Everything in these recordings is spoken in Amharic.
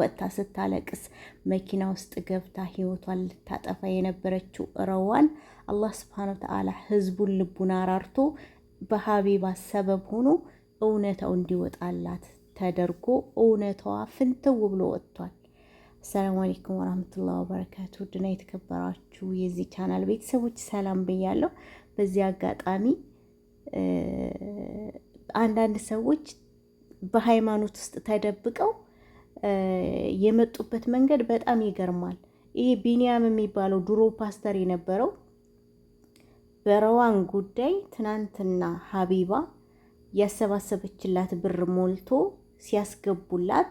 ወጥታ ስታለቅስ መኪና ውስጥ ገብታ ህይወቷን ልታጠፋ የነበረችው ረዋን አላህ ስብሐነሁ ወተዓላ ህዝቡን ልቡን አራርቶ በሀቢባ ሰበብ ሆኖ እውነታው እንዲወጣላት ተደርጎ እውነታዋ ፍንትው ብሎ ወጥቷል። አሰላሙ አለይኩም ወራህመቱላሂ ወበረካቱ ድና የተከበራችሁ የዚህ ቻናል ቤተሰቦች ሰላም ብያለሁ። በዚህ አጋጣሚ አንዳንድ ሰዎች በሃይማኖት ውስጥ ተደብቀው የመጡበት መንገድ በጣም ይገርማል። ይሄ ቢንያም የሚባለው ድሮ ፓስተር የነበረው በረዋን ጉዳይ ትናንትና ሀቢባ ያሰባሰበችላት ብር ሞልቶ ሲያስገቡላት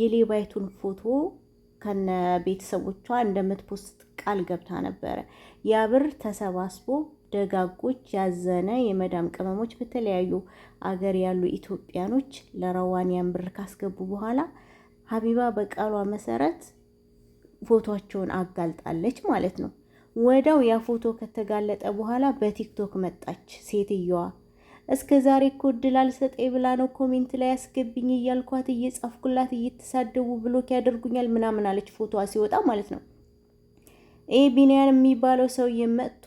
የሌባይቱን ፎቶ ከነ ቤተሰቦቿ እንደምትፖስት ቃል ገብታ ነበረ። ያ ብር ተሰባስቦ ደጋጎች ያዘነ የመዳም ቅመሞች በተለያዩ አገር ያሉ ኢትዮጵያኖች ለረዋንያን ብር ካስገቡ በኋላ ሀቢባ በቃሏ መሰረት ፎቶቸውን አጋልጣለች ማለት ነው። ወዳው ያ ፎቶ ከተጋለጠ በኋላ በቲክቶክ መጣች ሴትየዋ። እስከ ዛሬ እኮ እድል ብላ ነው ኮሜንት ላይ ያስገብኝ እያልኳት እየጻፍኩላት እየተሳደቡ ብሎክ ያደርጉኛል ምናምን አለች። ፎቶዋ ሲወጣ ማለት ነው። ይህ ቢኒያን የሚባለው ሰውዬ መጥቶ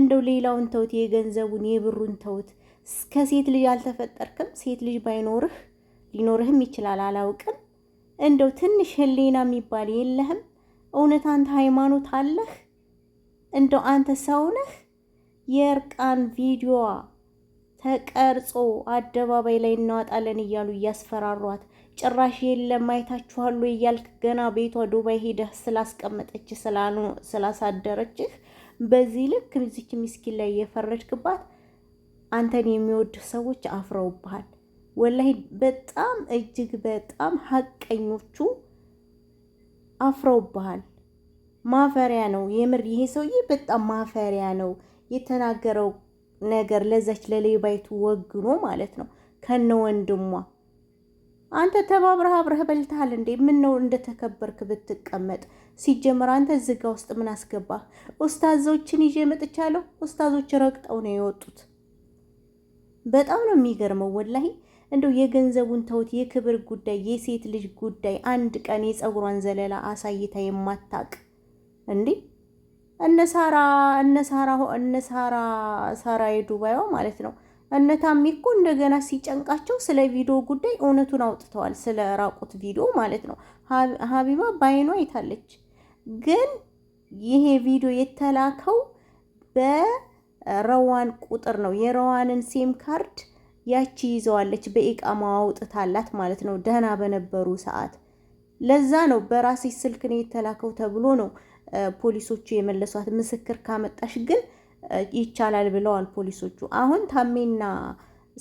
እንደው ሌላውን ተውት፣ የገንዘቡን የብሩን ተውት። ከሴት ልጅ አልተፈጠርክም። ሴት ልጅ ባይኖርህ ሊኖርህም ይችላል አላውቅም። እንደው ትንሽ ህሊና የሚባል የለህም? እውነት አንተ ሃይማኖት አለህ? እንደው አንተ ሰው ነህ? የእርቃን ቪዲዮዋ ተቀርጾ አደባባይ ላይ እናወጣለን እያሉ እያስፈራሯት፣ ጭራሽ የለም ማየታችኋሉ እያልክ ገና ቤቷ ዱባይ ሄደህ ስላስቀመጠች ስላሳደረችህ በዚህ ልክ እዚች ምስኪን ላይ የፈረድክባት አንተን የሚወድህ ሰዎች አፍረውብሃል። ወላሂ በጣም እጅግ በጣም ሀቀኞቹ አፍረውብሃል። ማፈሪያ ነው የምር ይሄ ሰውዬ በጣም ማፈሪያ ነው። የተናገረው ነገር ለዛች ለሌባይቱ ወግኖ ማለት ነው ከነ ወንድሟ አንተ ተባብረህ አብረህ በልተሃል እንዴ? ምን ነው እንደተከበርክ ብትቀመጥ። ሲጀመር አንተ ዝጋ ውስጥ ምን አስገባህ? ኡስታዞችን ይዤ መጥቻለሁ። ኡስታዞች ረግጠው ነው የወጡት። በጣም ነው የሚገርመው ወላሄ። እንደው የገንዘቡን ተውት፣ የክብር ጉዳይ፣ የሴት ልጅ ጉዳይ አንድ ቀን የፀጉሯን ዘለላ አሳይታ የማታቅ እንዴ እነ ሳራ እነ ሳራ እነ ሳራ ሳራ የዱባይዋ ማለት ነው። እነ ታሚ እኮ እንደገና ሲጨንቃቸው ስለ ቪዲዮ ጉዳይ እውነቱን አውጥተዋል። ስለ ራቁት ቪዲዮ ማለት ነው። ሀቢባ በአይኗ አይታለች። ግን ይሄ ቪዲዮ የተላከው በረዋን ቁጥር ነው። የረዋንን ሴም ካርድ ያቺ ይዘዋለች በኢቃማ አውጥታላት ማለት ነው። ደህና በነበሩ ሰዓት ለዛ ነው በራሴ ስልክ ነው የተላከው ተብሎ ነው ፖሊሶቹ የመለሷት። ምስክር ካመጣሽ ግን ይቻላል ብለዋል ፖሊሶቹ። አሁን ታሜና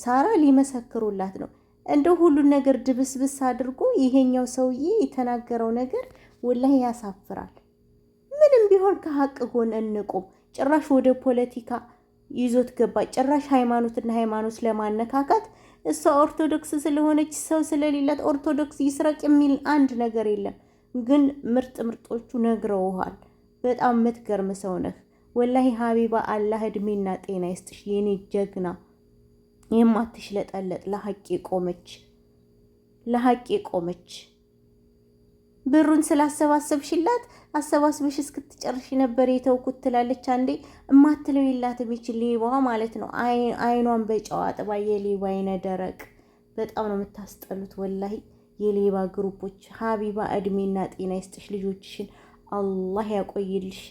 ሳራ ሊመሰክሩላት ነው። እንደ ሁሉን ነገር ድብስብስ አድርጎ ይሄኛው ሰውዬ የተናገረው ነገር ወላሂ ያሳፍራል። ምንም ቢሆን ከሀቅ ጎን እንቁም። ጭራሽ ወደ ፖለቲካ ይዞት ገባ። ጭራሽ ሃይማኖትና ሃይማኖት ለማነካካት እሷ ኦርቶዶክስ ስለሆነች ሰው ስለሌላት ኦርቶዶክስ ይስረቅ የሚል አንድ ነገር የለም። ግን ምርጥ ምርጦቹ ነግረውሃል። በጣም የምትገርም ሰው ነህ ወላሂ ሀቢባ። አላህ እድሜና ጤና ይስጥሽ የኔ ጀግና፣ የማትሽለጠለጥ ለሀቅ ቆመች። ለሀቅ ቆመች። ብሩን ስላሰባሰብሽላት አሰባስብሽ እስክትጨርሽ ነበር የተውኩት ትላለች። አንዴ እማትለው የላትም ይችል ሌባዋ ማለት ነው። አይኗን በጨዋ አጥባ የሌባ አይነ ደረቅ። በጣም ነው የምታስጠሉት ወላሂ የሌባ ግሩፖች። ሀቢባ እድሜና ጤና ይስጥሽ፣ ልጆችሽን አላህ ያቆይልሽ።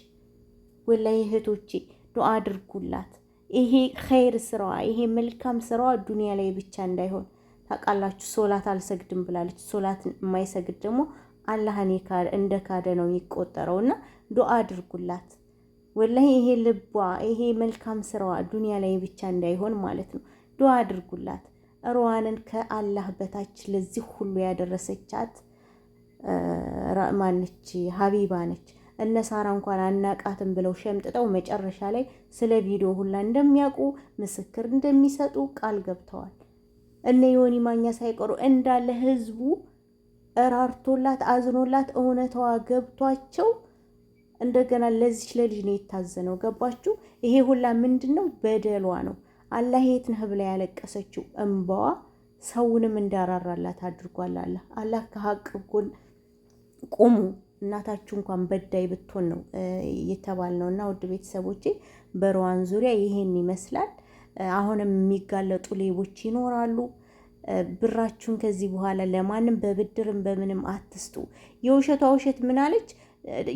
ወላሂ እህቶቼ ዱዓ አድርጉላት። ይሄ ኸይር ስራዋ ይሄ መልካም ስራዋ ዱኒያ ላይ ብቻ እንዳይሆን ታውቃላችሁ። ሶላት አልሰግድም ብላለች። ሶላት የማይሰግድ ደግሞ አላህን እንደ ካደ ነው የሚቆጠረው። እና ዱአ አድርጉላት ወላሂ ይሄ ልቧ ይሄ መልካም ስራዋ ዱንያ ላይ ብቻ እንዳይሆን ማለት ነው። ዱአ አድርጉላት ሩዋንን ከአላህ በታች ለዚህ ሁሉ ያደረሰቻት ራእማ ሀቢባ ነች። እነሳራ እንኳን አናቃትን ብለው ሸምጥጠው መጨረሻ ላይ ስለ ቪዲዮ ሁላ እንደሚያውቁ ምስክር እንደሚሰጡ ቃል ገብተዋል። እነ ዮኒ ማኛ ሳይቀሩ እንዳለ ህዝቡ እራርቶላት አዝኖላት እውነታዋ ገብቷቸው እንደገና ለዚች ለልጅ ነው የታዘነው። ገባችሁ? ይሄ ሁላ ምንድን ነው? በደሏ ነው። አላህ የት ነህ ብላ ያለቀሰችው እምባዋ ሰውንም እንዳራራላት አድርጓል። አላህ አላህ ከሀቅ ጎን ቁሙ። እናታችሁ እንኳን በዳይ ብትሆን ነው የተባል ነው። እና ውድ ቤተሰቦቼ በረዋን ዙሪያ ይሄን ይመስላል። አሁንም የሚጋለጡ ሌቦች ይኖራሉ። ብራችሁን ከዚህ በኋላ ለማንም በብድርም በምንም አትስጡ። የውሸቷ ውሸት ምናለች?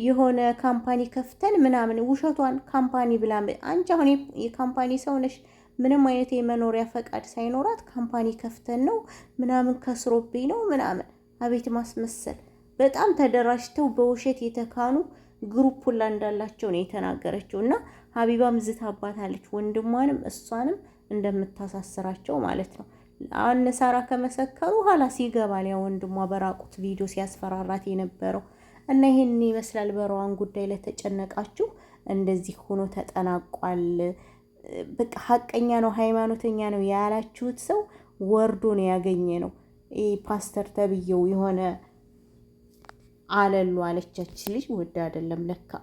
የሆነ ካምፓኒ ከፍተን ምናምን ውሸቷን ካምፓኒ ብላ አንቺ አሁን የካምፓኒ ሰው ነሽ። ምንም አይነት የመኖሪያ ፈቃድ ሳይኖራት ካምፓኒ ከፍተን ነው ምናምን ከስሮብኝ ነው ምናምን። አቤት ማስመሰል! በጣም ተደራጅተው በውሸት የተካኑ ግሩፕ ሁላ እንዳላቸው ነው የተናገረችው። እና ሀቢባም ዝታባታለች፣ ወንድሟንም እሷንም እንደምታሳስራቸው ማለት ነው። እነ ሳራ ከመሰከሩ ኋላ ይገባል። ያ ወንድሟ በራቁት ቪዲዮ ሲያስፈራራት የነበረው እና ይህን ይመስላል። በረዋን ጉዳይ ለተጨነቃችሁ እንደዚህ ሆኖ ተጠናቋል። በቃ ሀቀኛ ነው ሃይማኖተኛ ነው ያላችሁት ሰው ወርዶ ነው ያገኘ ነው። ይህ ፓስተር ተብዬው የሆነ አለሉ አለቻች ልጅ ወድ አይደለም ለካ